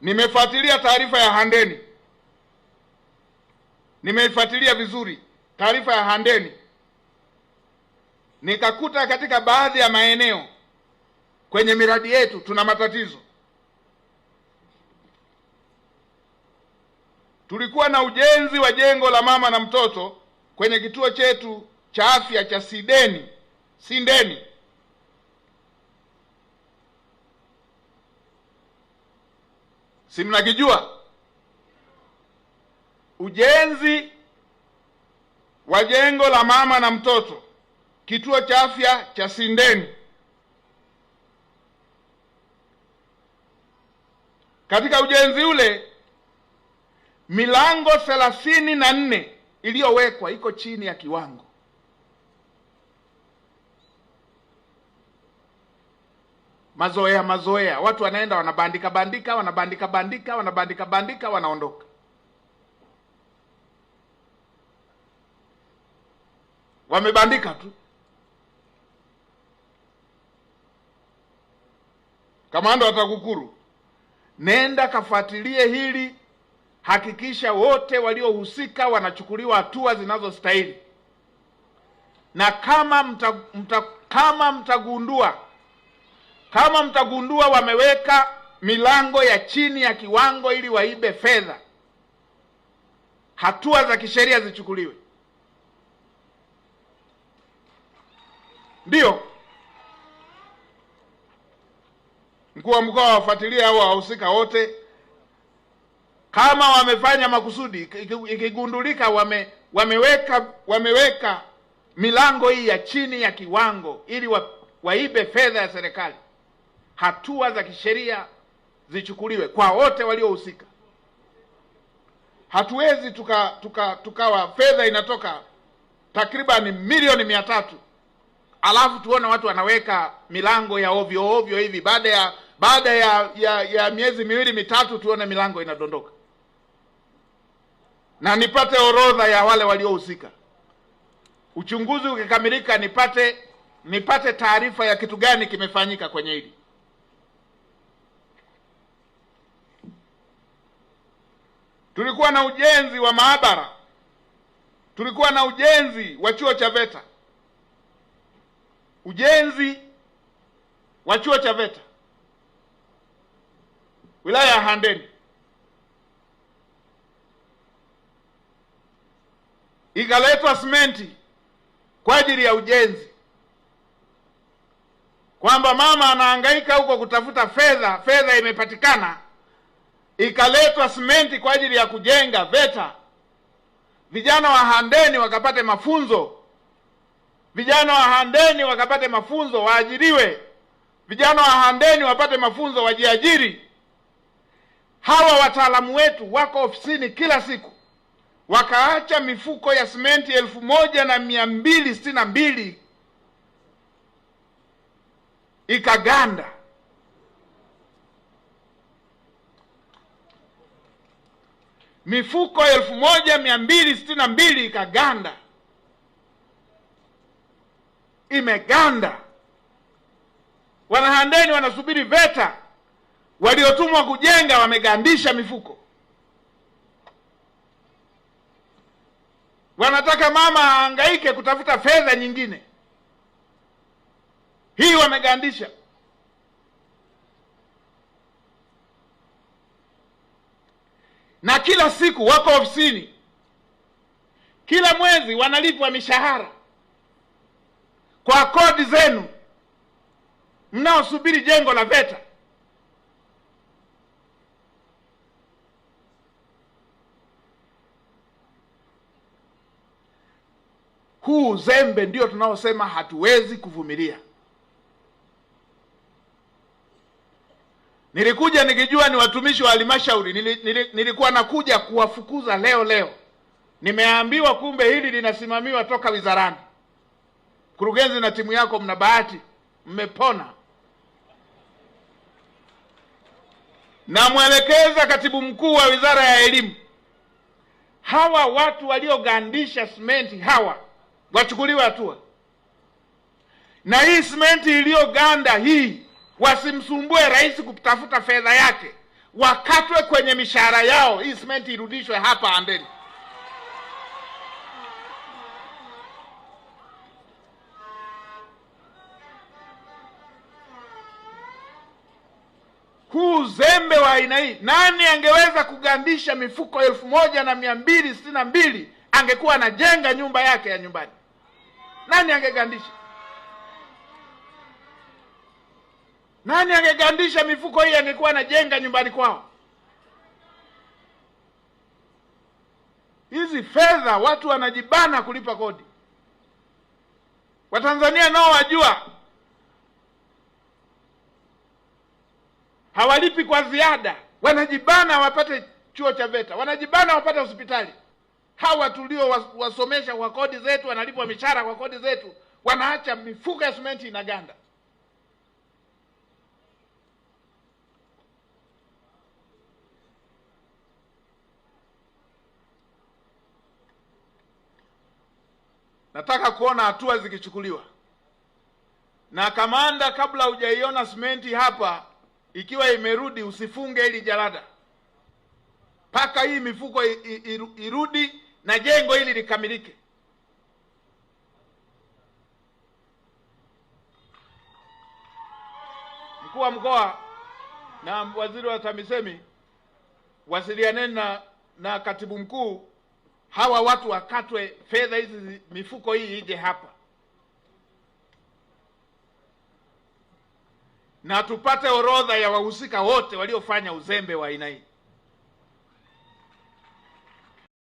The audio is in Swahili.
Nimefuatilia taarifa ya Handeni, nimeifuatilia vizuri taarifa ya Handeni, nikakuta katika baadhi ya maeneo kwenye miradi yetu tuna matatizo. Tulikuwa na ujenzi wa jengo la mama na mtoto kwenye kituo chetu cha afya cha Sideni Sindeni si mnakijua? Ujenzi wa jengo la mama na mtoto, kituo cha afya cha Sindeni Katika ujenzi ule milango thelathini na nne iliyowekwa iko chini ya kiwango. mazoea mazoea, watu wanaenda wanabandika bandika wanabandika bandika wanabandika bandika, wanaondoka. Wamebandika tu. Kamanda wa TAKUKURU, nenda kafuatilie hili, hakikisha wote waliohusika wanachukuliwa hatua zinazostahili, na kama mta, mta, kama mtagundua kama mtagundua wameweka milango ya chini ya kiwango ili waibe fedha, hatua za kisheria zichukuliwe. ndio mkuu wa mkoa wafuatilia au wahusika wote, kama wamefanya makusudi, ikigundulika wame, wameweka wameweka milango hii ya chini ya kiwango ili wa, waibe fedha ya serikali hatua za kisheria zichukuliwe kwa wote waliohusika. Hatuwezi tuka, tuka, tukawa fedha inatoka takribani milioni mia tatu alafu tuone watu wanaweka milango ya ovyo ovyo hivi, baada ya baada ya, ya, ya miezi miwili mitatu tuone milango inadondoka. Na nipate orodha ya wale waliohusika. Uchunguzi ukikamilika, nipate nipate taarifa ya kitu gani kimefanyika kwenye hili. tulikuwa na ujenzi wa maabara, tulikuwa na ujenzi wa chuo cha VETA, ujenzi wa chuo cha VETA wilaya ya Handeni. Ikaletwa simenti kwa ajili ya ujenzi, kwamba mama anahangaika huko kutafuta fedha, fedha imepatikana ikaletwa simenti kwa ajili ya kujenga VETA, vijana wa Handeni wakapate mafunzo, vijana wa Handeni wakapate mafunzo, waajiriwe, vijana wa Handeni wapate mafunzo, wajiajiri. Hawa wataalamu wetu wako ofisini kila siku, wakaacha mifuko ya simenti elfu moja na mia mbili sitini na mbili ikaganda mifuko elfu moja mia mbili sitini na mbili ikaganda, imeganda. Wanahandeni wanasubiri VETA, waliotumwa kujenga wamegandisha mifuko. Wanataka mama ahangaike kutafuta fedha nyingine, hii wamegandisha. na kila siku wako ofisini, kila mwezi wanalipwa mishahara kwa kodi zenu mnaosubiri jengo la VETA. Huu uzembe ndio tunaosema hatuwezi kuvumilia. Nilikuja nikijua ni watumishi wa halmashauri, nilikuwa nakuja kuwafukuza leo leo. Nimeambiwa kumbe hili linasimamiwa toka wizarani. Mkurugenzi na timu yako, mna bahati, mmepona. Namwelekeza katibu mkuu wa wizara ya elimu, hawa watu waliogandisha simenti hawa wachukuliwe hatua, na hii simenti iliyoganda hii wasimsumbue rais kutafuta fedha yake, wakatwe kwenye mishahara yao. Hii simenti irudishwe hapa Ambeni. Huu uzembe wa aina hii, nani angeweza kugandisha mifuko elfu moja na mia mbili sitini na mbili angekuwa anajenga nyumba yake ya nyumbani? Nani angegandisha? Nani angegandisha mifuko hii angekuwa anajenga nyumbani kwao? Hizi fedha watu wanajibana kulipa kodi. Watanzania nao wajua hawalipi kwa ziada, wanajibana wapate chuo cha VETA, wanajibana wapate hospitali. Hawa tulio wasomesha kwa kodi zetu, wanalipwa mishahara kwa kodi zetu, wanaacha mifuko ya simenti inaganda. Nataka kuona hatua zikichukuliwa na kamanda. Kabla hujaiona simenti hapa ikiwa imerudi, usifunge hili jalada mpaka hii mifuko irudi na jengo hili likamilike. Mkuu wa mkoa na waziri wa TAMISEMI wasilianeni na, na katibu mkuu hawa watu wakatwe fedha hizi, mifuko hii ije hapa na tupate orodha ya wahusika wote waliofanya uzembe wa aina hii.